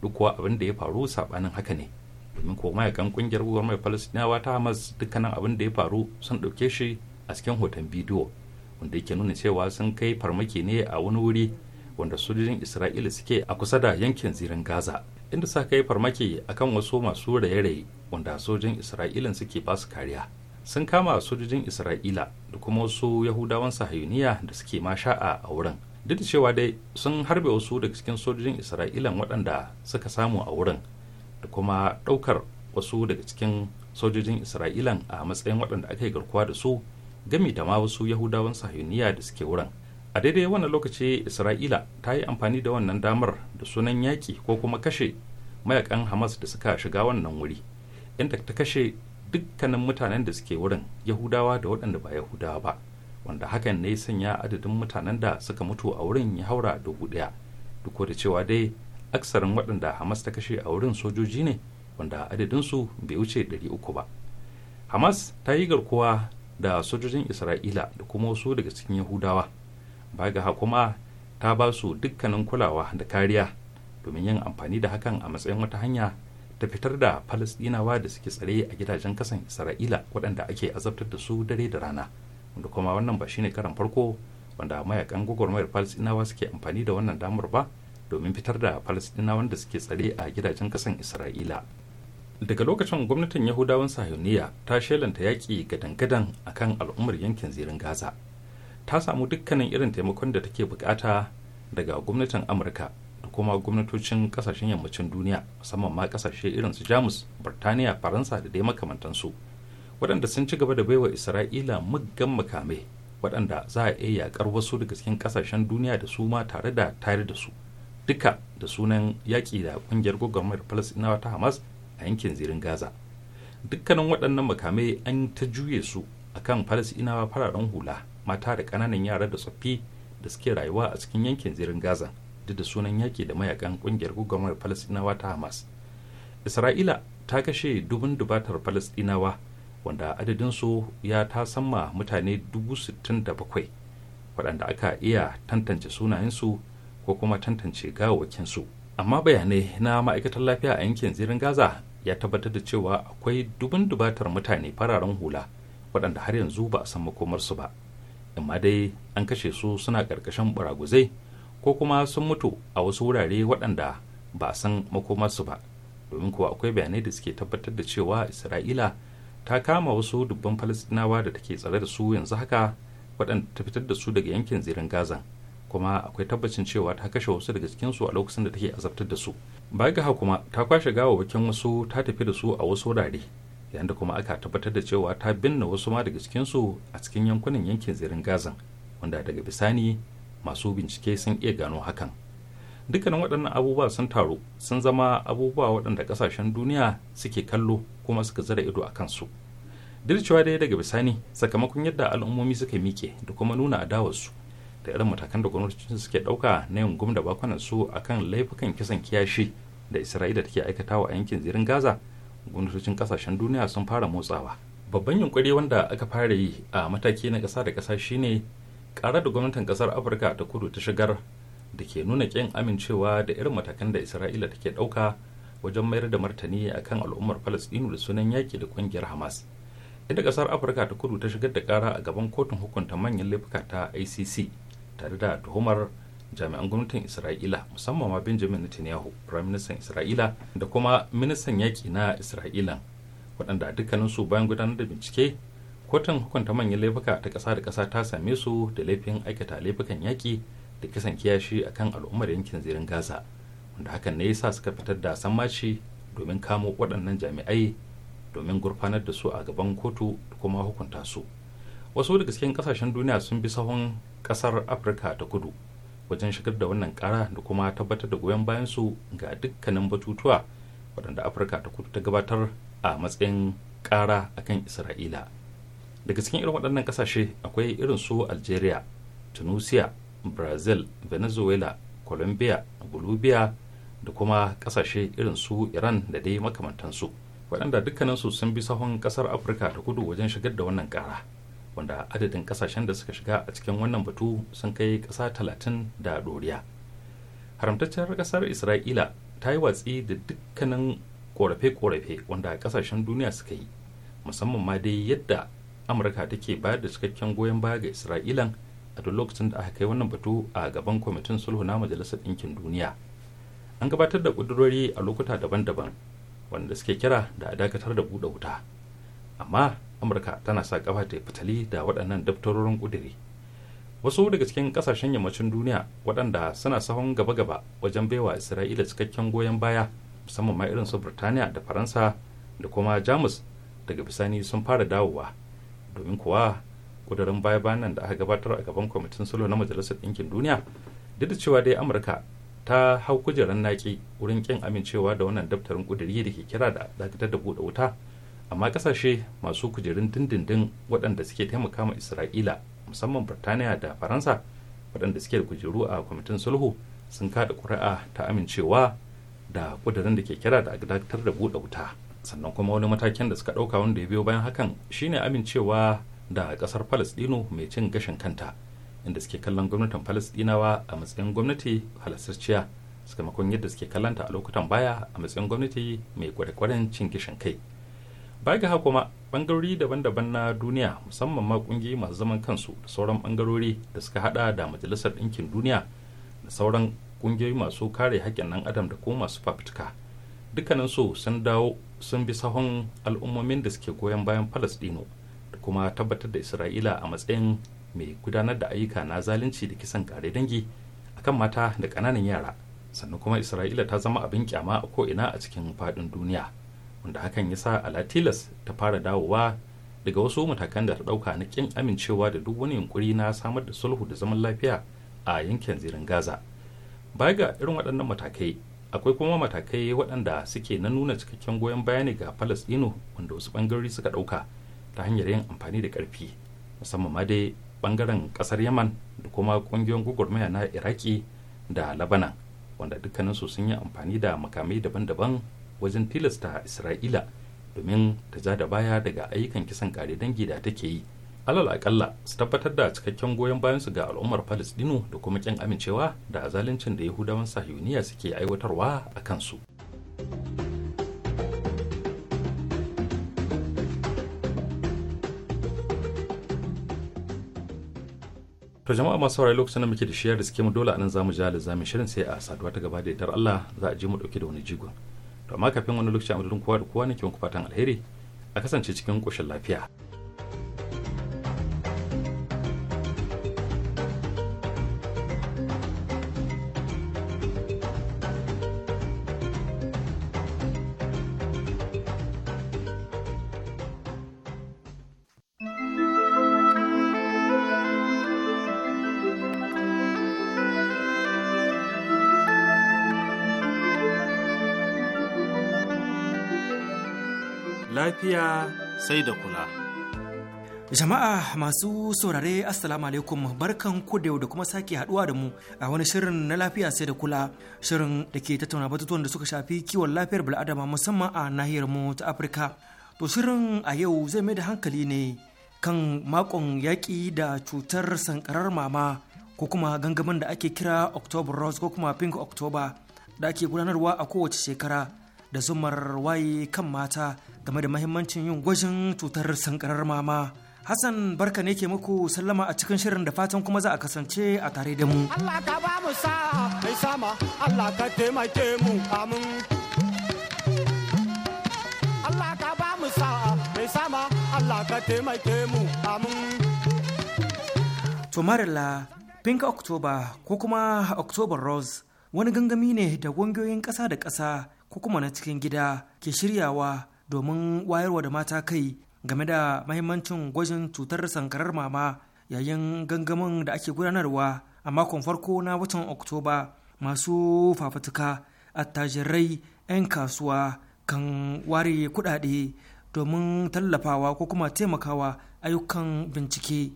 duk kuwa abin da ya faru sabanin haka ne domin ko mayakan kungiyar mai falasdinawa ta hamas dukkanin abin da ya faru sun ɗauke shi a cikin hoton bidiyo wanda yake nuna cewa sun kai farmaki ne a wani wuri wanda sojojin isra'ila suke a kusa da yankin zirin gaza inda sa kai farmaki akan wasu masu raye-raye wanda sojojin isra'ilin suke su kariya sun kama sojojin isra'ila da kuma wasu yahudawan sahayuniya da suke masha a wurin duk da cewa dai sun harbe wasu daga cikin sojojin isra'ilan waɗanda suka samu a wurin da kuma ɗaukar wasu daga cikin sojojin isra'ilan a matsayin waɗanda aka yi garkuwa da su gami da ma wasu yahudawan sahayuniya da suke wurin a daidai wannan lokaci isra'ila ta yi amfani da wannan damar da sunan yaƙi ko kuma kashe mayakan hamas da suka shiga wannan wuri inda ta kashe dukkanin mutanen da suke wurin yahudawa da waɗanda ba yahudawa ba wanda hakan ne sanya adadin mutanen da suka mutu a wurin ya haura dubu ɗaya duk da cewa dai aksarin waɗanda hamas ta kashe a wurin sojoji ne wanda adadinsu bai wuce ɗari uku ba hamas ta yi garkuwa da sojojin isra'ila da kuma wasu daga cikin yahudawa ba ga kuma ta ba su dukkanin kulawa da kariya domin yin amfani da hakan a matsayin wata hanya ta fitar da falasdinawa da suke tsare a gidajen kasan isra'ila waɗanda ake azabtar da su dare da rana wanda kuma wannan ba shine karan farko wanda mayakan gwagwarmayar falasdinawa suke amfani da wannan damar ba domin fitar da falasdinawan da suke tsare a gidajen kasan isra'ila daga lokacin gwamnatin yahudawan sahiyoniya ta shelanta yaƙi gadan-gadan kan al'ummar yankin zirin gaza ta samu dukkanin irin taimakon da take bukata daga gwamnatin amurka kuma gwamnatocin kasashen yammacin duniya musamman ma kasashe irin su jamus birtaniya faransa da dai makamantansu waɗanda sun ci gaba da baiwa isra'ila muggan makamai waɗanda za a iya yaƙar wasu daga cikin kasashen duniya da su ma tare da tare da su duka da sunan yaƙi da ƙungiyar gwagwarmayar falasɗinawa ta hamas a yankin zirin gaza dukkanin waɗannan makamai an ta juye su akan falasɗinawa fararen hula mata da ƙananan yara da tsoffi da suke rayuwa a cikin yankin zirin gaza duk da sunan yaƙi da mayakan ƙungiyar gugamar falasɗinawa ta hamas isra'ila ta kashe dubun dubatar falasɗinawa wanda adadinsu ya ta tasamma mutane dubu sittin da bakwai waɗanda aka iya tantance sunayensu ko kuma tantance gawakinsu amma bayanai na ma'aikatar lafiya a yankin zirin gaza ya tabbatar da cewa akwai dubun dubatar mutane fararen hula waɗanda har yanzu ba a san makomarsu ba amma dai an kashe su suna ƙarƙashin baraguzai ko kuma sun mutu a wasu wurare waɗanda ba san makomarsu ba domin kuwa akwai bayanai da suke tabbatar da cewa isra'ila ta kama wasu dubban falastinawa da take tsare da su yanzu haka waɗanda ta fitar da su daga yankin zirin gaza kuma akwai tabbacin cewa ta kashe wasu daga cikinsu a lokacin da take azabtar da su baya ga kuma ta kwashe gawawwakin wasu ta tafi da su a wasu wurare yayin da kuma aka tabbatar da cewa ta binne wasu ma daga cikinsu a cikin yankunan yankin zirin gazan wanda daga bisani masu bincike sun iya gano hakan dukkanin waɗannan abubuwa sun taru sun zama abubuwa waɗanda ƙasashen duniya suke kallo kuma suka zara ido a kansu dircewa dai daga bisani sakamakon yadda al'ummomi suka miƙe da kuma nuna adawarsu da irin matakan da gwamnatocin suke ɗauka na yin gum da bakunan su akan laifukan kisan kiyashi da isra'ila take aikatawa a yankin zirin gaza gwamnatocin ƙasashen duniya sun fara motsawa babban yunkuri wanda aka fara yi a mataki na ƙasa da ƙasa shine ƙarar da gwamnatin ƙasar afirka ta kudu ta shigar da ke nuna ƙin amincewa da irin matakan da isra'ila take ɗauka wajen mayar da martani a kan al'ummar falastinu da sunan yaƙi da ƙungiyar hamas inda ƙasar afirka ta kudu ta shigar da ƙara a gaban kotun hukunta manyan laifuka ta icc tare da tuhumar jami'an gwamnatin isra'ila musamman ma benjamin netanyahu prime minister isra'ila da kuma ministan yaƙi na isra'ila waɗanda dukkaninsu bayan gudanar da bincike kotun hukunta manyan laifuka ta ƙasa da kasa ta same su da laifin aikata laifukan yaƙi da kisan kiyashi a kan al'ummar yankin zirin gaza wanda hakan ne sa suka fitar da sammaci domin kamo waɗannan jami'ai domin gurfanar da su a gaban kotu da kuma hukunta su wasu daga cikin kasashen duniya sun bi sahun ƙasar afirka ta kudu wajen shigar da wannan kara da kuma tabbatar da goyon bayan su ga dukkanin batutuwa waɗanda afirka ta kudu ta gabatar a matsayin kara akan isra'ila daga cikin irin waɗannan kasashe akwai irin su algeria tunisia brazil venezuela colombia bolivia da kuma ƙasashe irin su iran da dai makamantansu waɗanda dukkaninsu sun bi sahun ƙasar afirka ta kudu wajen shigar da wannan ƙara wanda adadin ƙasashen da suka shiga a cikin wannan batu sun kai ƙasa talatin da doriya haramtacciyar ƙasar isra'ila ta yi watsi da dukkanin korafe-korafe wanda ƙasashen duniya suka yi musamman ma dai yadda amurka take bayar da cikakken goyon baya ga isra'ilan a duk lokacin da aka kai wannan batu a gaban kwamitin sulhu na majalisar ɗinkin duniya an gabatar da ƙudurori a lokuta daban-daban wanda suke kira da a dakatar da buɗe wuta amma amurka tana sa ƙafa ta fitali da waɗannan daftarorin ƙuduri wasu daga cikin ƙasashen yammacin duniya waɗanda suna sahun gaba-gaba wajen baiwa isra'ila cikakken goyon baya musamman ma irin su burtaniya da faransa da kuma jamus daga bisani sun fara dawowa domin kuwa kudurin baya bayan da aka gabatar a gaban kwamitin sulhu na majalisar ɗinkin duniya duk da cewa dai amurka ta hau kujerar naki wurin kin amincewa da wannan daftarin kuduri da ke kira da dakatar da buɗe wuta amma kasashe masu kujerun dindindin waɗanda suke taimaka ma isra'ila musamman birtaniya da faransa waɗanda suke da kujeru a kwamitin sulhu sun kada ƙuri'a ta amincewa da kudurin da ke kira da dakatar da buɗe wuta sannan kuma wani matakin da suka ɗauka wanda ya biyo bayan hakan shine amincewa da ƙasar palestino mai cin gashin kanta inda suke kallon gwamnatin palestinawa a matsayin gwamnati suka makon yadda suke kallanta a lokutan baya a matsayin gwamnati mai kwarekwaren cin gashin kai baya ga kuma bangarori daban-daban na duniya musamman ma kungiyoyi masu zaman kansu da sauran bangarori da suka hada da majalisar ɗinkin duniya da sauran kungiyoyi masu kare haƙƙin ɗan adam da kuma masu fafutuka dukkanin su sun dawo sun bi sahun al'ummomin da suke goyon bayan palestino da kuma tabbatar da isra'ila a matsayin mai gudanar da ayyuka na zalunci da kisan kare dangi akan mata da kananan yara sannan kuma isra'ila ta zama abin kyama a ko'ina a cikin faɗin duniya wanda hakan ya sa alatilas ta fara dawowa daga wasu matakan da ta ɗauka na ƙin amincewa da duk wani yunkuri na samar da sulhu da zaman lafiya a yankin zirin gaza baya ga irin waɗannan matakai akwai kuma matakai waɗanda suke na nuna cikakken goyon bayani ga dino wanda wasu ɓangarori suka ɗauka ta hanyar yin amfani da ƙarfi musamman ma dai ɓangaren ƙasar yaman da kuma ƙungiyoyin gwagwarmaya na iraki da labanan wanda dukkaninsu sun yi amfani da makamai daban-daban wajen tilasta isra'ila domin ta ja da baya daga ayyukan kisan kare dangi da take yi alal akalla su tabbatar da cikakken goyon bayan su ga al'ummar palestino da kuma kin amincewa da zaluncin da yahudawan sahiyuniya suke aiwatarwa a kansu to jama'a masu saurari lokacin da muke da shiyar da suke mu dole anan zamu ji alizamin shirin sai a saduwa ta gaba da itar Allah za a je mu dauke da wani jigon to amma kafin wani lokaci a madadin kowa da kowa ke wani fatan alheri a kasance cikin koshin lafiya lafiya sai da kula. Jama'a masu saurare Assalamu alaikum barkan ku da da kuma sake haduwa da mu a wani shirin na lafiya sai da kula shirin da ke tattauna batutuwan da suka shafi kiwon lafiyar bil'adama musamman a nahiyar mu ta Afirka. To shirin a yau zai mai da hankali ne kan makon yaƙi da cutar sankarar mama ko kuma gangamin da ake kira October Rose ko kuma Pink October da ake gudanarwa a kowace shekara. da zumar waye kan mata game da mahimmancin yin gwajin cutar sankarar mama. Hassan barka ne ke muku sallama a cikin shirin da fatan kuma za a kasance a tare da mu. Allah ka ba mu sa mai sama Allah ka taimake mu amin. Allah ka ba mu sa mai sama Allah ka taimake mu amin. To Pink October ko kuma October Rose wani gangami ne da ƙungiyoyin ƙasa da ƙasa ko kuma na cikin gida ke shiryawa domin wayarwa da mata kai game da mahimmancin gwajin cutar sankarar mama yayin gangamin da ake gudanarwa a makon farko na watan oktoba masu fafutuka attajirai 'yan kasuwa kan ware kudade domin tallafawa ko kuma taimakawa ayyukan bincike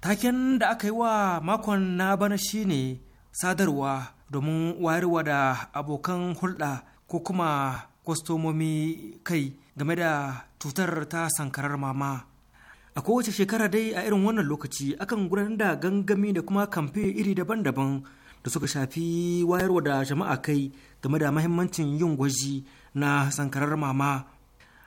taken da aka yi wa makon na bana shine sadarwa domin wayarwa da abokan hulɗa ko kuma kwastomomi kai game da cutar ta sankarar mama a kowace shekara dai a irin wannan lokaci akan gudanar da gangami da kuma kamfe iri daban-daban da suka shafi wayarwa da jama'a kai game da mahimmancin yin gwaji na sankarar mama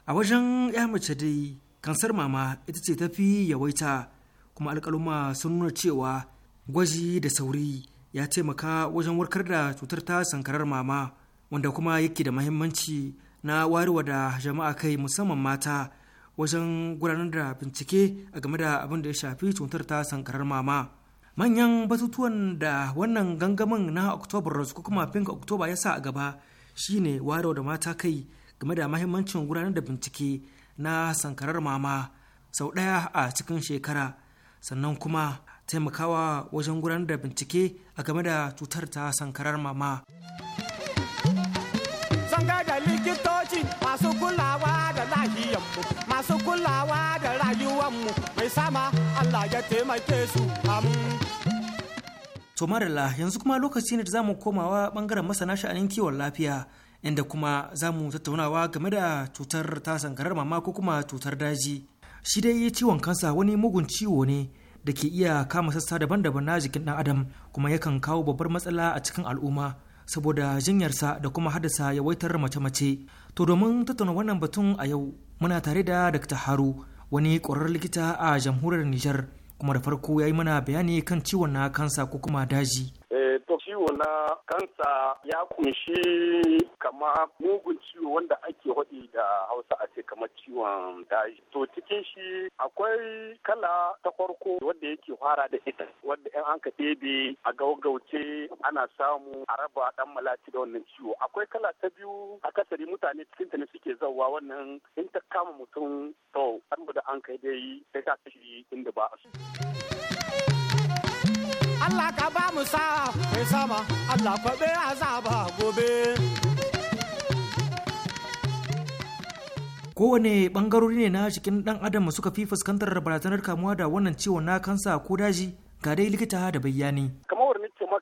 a wajen ya mace dai kansar mama ita ce tafi yawaita kuma alkaluma sun nuna cewa gwaji da sauri ya taimaka wajen warkar da cutar ta sankarar mama wanda kuma yake da mahimmanci na warewa da jama'a kai musamman mata wajen gudanar da bincike a game da abin da ya shafi cutar ta sankarar mama manyan batutuwan da wannan gangamin na oktoba rose ko kuma pink oktoba ya sa a gaba shine warewa da mata kai game da mahimmancin gudanar da bincike na sankarar mama sau ɗaya a cikin shekara sannan kuma taimakawa wajen gudanar da bincike a game da cutar ta sankarar mama. gai da likitoci masu kulawa da lahiyanmu masu kulawa da rayuwanmu mai sama Allah ya taimake su To marala yanzu kuma lokaci ne da zamu wa bangaren masana sha'anin kiwon lafiya inda kuma zamu tattaunawa game da cutar ta sankarar mama ko kuma cutar daji. Shi dai ciwon kansa wani mugun ciwo ne da ke iya kama sassa daban-daban na jikin ɗan adam kuma yakan kawo babbar matsala a cikin al'umma. saboda jinyarsa da kuma haddasa yawaitar mace-mace. To domin tattauna wannan batun a yau muna tare da Dr. Haru wani ƙwararren likita a jamhuriyar Nijar kuma da farko ya yi mana bayani kan ciwon na kansa ko kuma daji. Eh, ciwo na kansa ya kunshi kama mugun ciwo wanda ake haɗi da hausa a ce kama ciwon daji to cikin shi akwai kala ta farko wadda yake fara da ita wadda yan anka ɗebe a gaugauce ana samu a raba dan malati da wannan ciwo akwai kala ta biyu akasari mutane cikin ta ne suke zawa wannan in ta kama mutum to an da an kai dai sai ta kashi inda ba a so. Allah ka ba mu sa mai sama Allah be azaba gobe kowane bangarori ne na cikin dan adam suka fi fuskantar barazanar kamuwa da wannan ciwon na kansa ko daji ga dai likita da bayani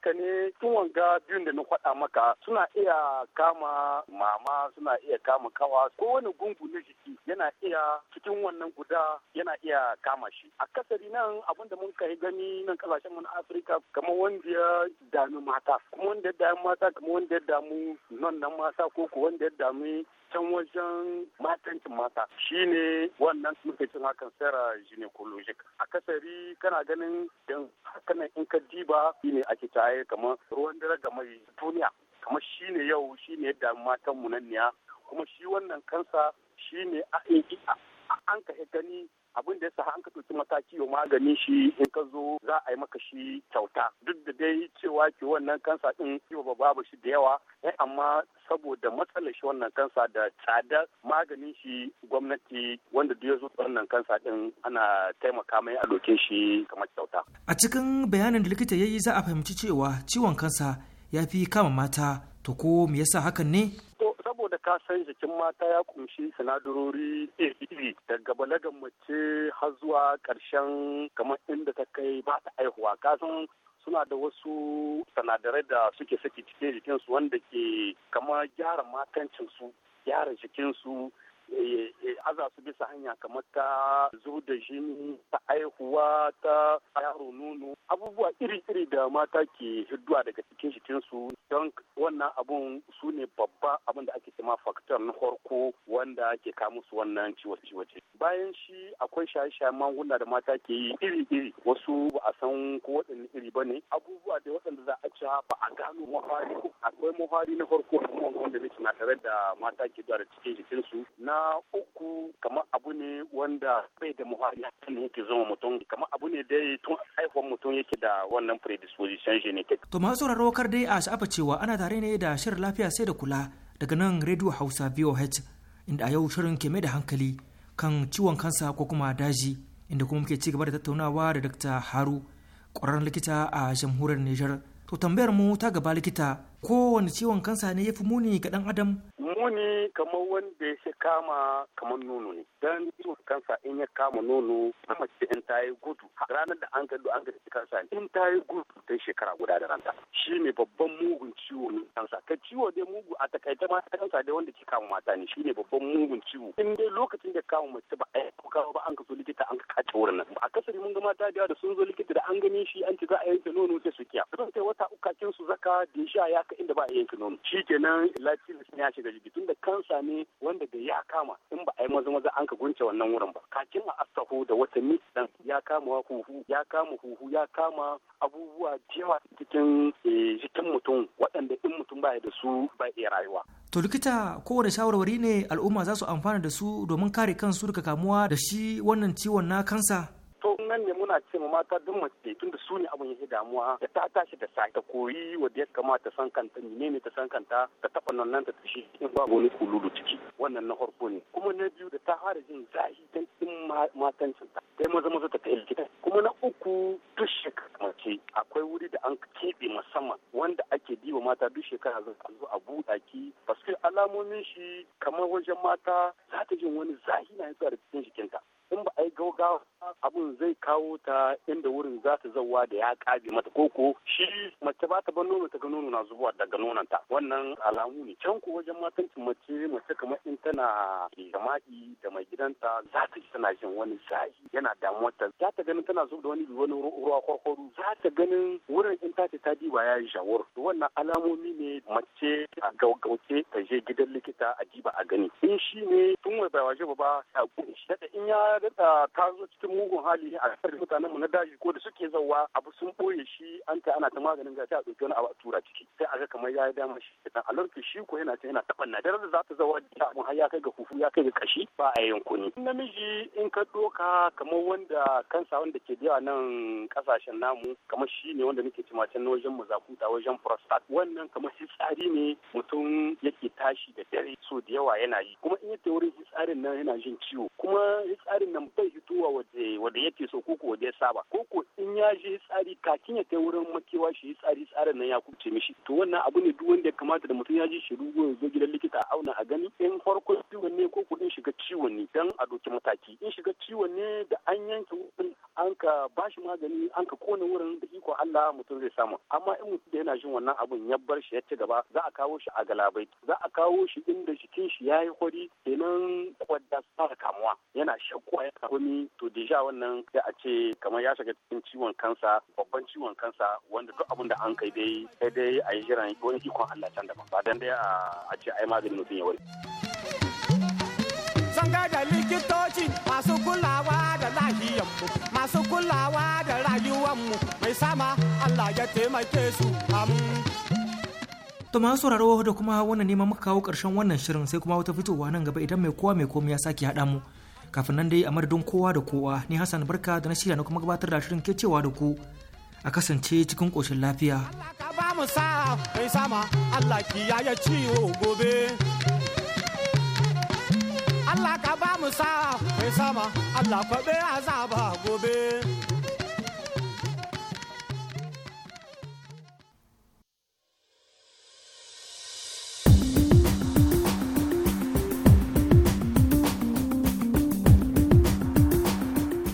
haka ne sun wanga biyun da na faɗa maka suna iya kama mama suna iya kama kawa ko wani gungu na jiki yana iya cikin wannan guda yana iya kama shi kasari nan abinda mun kai gani nan kasashen mu na afirka kamar wanda ya dami mata kuma wanda ya dami mata kamar wanda ya damu nan nan mata ko ko wanda ya dami can wajen matancin mata shine wannan muke cin hakan sera gynecologic kasari kana ganin don hakan in ka diba shine ake taye kamar ruwan dare ga mai duniya kamar shine yau shine yadda matan mu nan niya kuma shi wannan kansa shine a an ka gani abin da ya sa an ka ɗauki mataki wa maganin shi in ka zo za a yi maka shi kyauta duk da dai cewa ke wannan kansa ɗin kiwo ba babu shi da yawa eh, amma saboda matsalar shi wannan kansa da tsadar maganin shi gwamnati wanda duk ya zo wannan kansa din ana taimaka mai a doke shi kamar kyauta. A cikin bayanin da likita ya yi za a fahimci cewa ciwon kansa ya fi kama mata to ko me yasa hakan ne? To saboda ka san jikin mata ya kumshi sinadarori iri daga balagan mace har zuwa ƙarshen kamar inda ta kai ba ta aihuwa ka san suna da wasu sinadarai da suke saki cikin jikinsu wanda ke kamar gyara matancinsu gyara jikinsu Eh, eh, aza su bisa hanya kamar ta zo da jini ta aihuwa ta yaro nono abubuwa iri-iri da mata ke hidduwa daga cikin cikin su. don wannan abun su ne babba abin da ake cema faktor na farko wanda ke kamu su wannan ciwace-ciwace bayan shi akwai shaye shaye magunguna da mata ke yi iri-iri wasu ba a san ko waɗanne iri ba ne abubuwa da waɗanda za a ci ba a gano mafari akwai mafari na farko wanda nake na tare da mata ke da cikin jikinsu na uku kamar abu ne wanda bai da muhalli hakan yake zama mutum kamar abu ne dai tun haihuwar mutum yake da wannan predisposition genetic. To masu sauraro kar dai a sha'afa cewa ana tare ne da shirin lafiya sai da kula daga nan rediyo Hausa VOH inda a yau shirin ke mai da hankali kan ciwon kansa ko kuma daji inda kuma muke ci gaba da tattaunawa da Dr. Haru ƙwararren likita a jamhuriyar Nijar. To tambayar mu ta gaba likita kowane ciwon kansa ne ya fi muni ga ɗan adam? Muni kamar wanda ya kama kamar nono ne. Dan ciwon kansa in ya kama nono na mace in ta yi gudu. Ranar da an gado an gado kansa in ta yi gudu ta shekara guda da ranta. Shi ne babban mugun ciwo kansa. Ka ciwo dai mugu a takaita ma kansa dai wanda ke kama mata ne shi ne babban mugun ciwo. In dai lokacin da kama mace ba a yi kawo ba an ka zo likita an ka kace wurin nan. A kasari mun ga mata da sun zo likita da an gani shi an ci za a yanke nono sai su kiya. Zan kai wata uku kakin su zaka da ya sha ya haka inda ba a yanke nono shi kenan sun ya shiga jiki tunda kan ne wanda da ya kama in ba a yi maza maza an ka gunce wannan wurin ba kakin a astaho da wata dan ya kama huhu ya kama huhu ya kama abubuwa jewa cikin eh, jikin mutum waɗanda in mutum baya da su ba iya rayuwa to likita kowane shawarwari ne al'umma za su amfana da su domin kare kansu daga kamuwa da shi wannan ciwon na kansa to nan ne muna ce ma mata duk mace tunda su ne abin yake damuwa da ta tashi da sa ta koyi wanda ya kamata san kanta ne ne ta san kanta ta taba nan ta tashi in babu wani kululu ciki wannan na farko ne kuma na biyu da ta fara jin zahi dan din matancin ta sai maza maza ta kai likita kuma na uku duk shekara mace akwai wuri da an keɓe musamman wanda ake diba mata duk shekara zan a zo a buɗa ki paske alamomin shi kamar wajen mata za ta jin wani zahi na yanzu a cikin jikinta in ba a yi gaugawa abun zai kawo ta inda wurin za ta zauwa da ya kabe mata ko shi mace ba ta ban nono ta ga nono na zubowa daga ta. wannan alamu ne can ko wajen matancin mace mace kamar in tana jama'i da mai gidanta za ta ji tana jin wani shayi yana damuwar ta za ta ganin tana zuba da wani wani ruwa kwarkwaro za ta ganin wurin in ta ce ta diba ya yi shawar wannan alamomi ne mace a gaugauce ta je gidan likita a diba a gani in shi ne tun wai bai waje ba ba ta in ya daɗa ta zo cikin mugun hali a kasar mutanen mu na daji ko da suke zauwa abu sun boye shi an ta ana ta maganin gashi a ɗauki wani abu a tura ciki sai aga kamar ya yi dama shi dan alarki shi ko yana ta yana taɓan na da za ta zauwa da mu har ya kai ga hufu ya kai ga kashi ba a yankuni namiji in ka doka kamar wanda kansa wanda ke da nan kasashen namu kamar shi ne wanda nake cima can wajen mazakuta wajen prostat wannan kamar tsari ne mutum yake tashi da dare so da yawa yana yi kuma in ya wurin fitsarin nan yana jin ciwo kuma tsarin nan bai hitowa waje wanda yake so ko ko wanda ya saba ko ko in ya je tsari kakin ya kai wurin makewa shi tsari tsarin nan ya kuce mishi to wannan abu ne duk wanda ya kamata da mutum ya ji shi rugo ya zo gidan likita a auna a gani in farko ciwon ne ko ko in shiga ciwon ne dan a doki mataki in shiga ciwon ne da an yanke wurin an ka bashi magani an ka kona wurin da iko Allah mutum zai samu amma in mutum da yana jin wannan abun ya bar shi ya ci gaba za a kawo shi a galabai za a kawo shi inda jikin shi ya yi hori kenan kwadda sa kamuwa yana shakkuwa ya ni to deja da wannan da a ce kamar ya shiga cikin ciwon kansa babban ciwon kansa wanda duk abin da an kai dai sai dai a yi jiran wani ikon Allah can daban ba dan dai a ce ai maganin mutum ya wari. Zan da likitoci masu kulawa da lahiyanmu masu kulawa da rayuwanmu mai sama Allah ya taimake su To masu sauraro da kuma wannan neman muka kawo ƙarshen wannan shirin sai kuma wata fitowa nan gaba idan mai kowa mai komai ya sake haɗa mu. kafin nan dai a madadin kowa da kowa ni hassan barka da na shirya na kuma gabatar da shirin cewa da ku a kasance cikin koshin lafiya Allah ka ba mu sa mai sama Allah kwaɓe azaba gobe.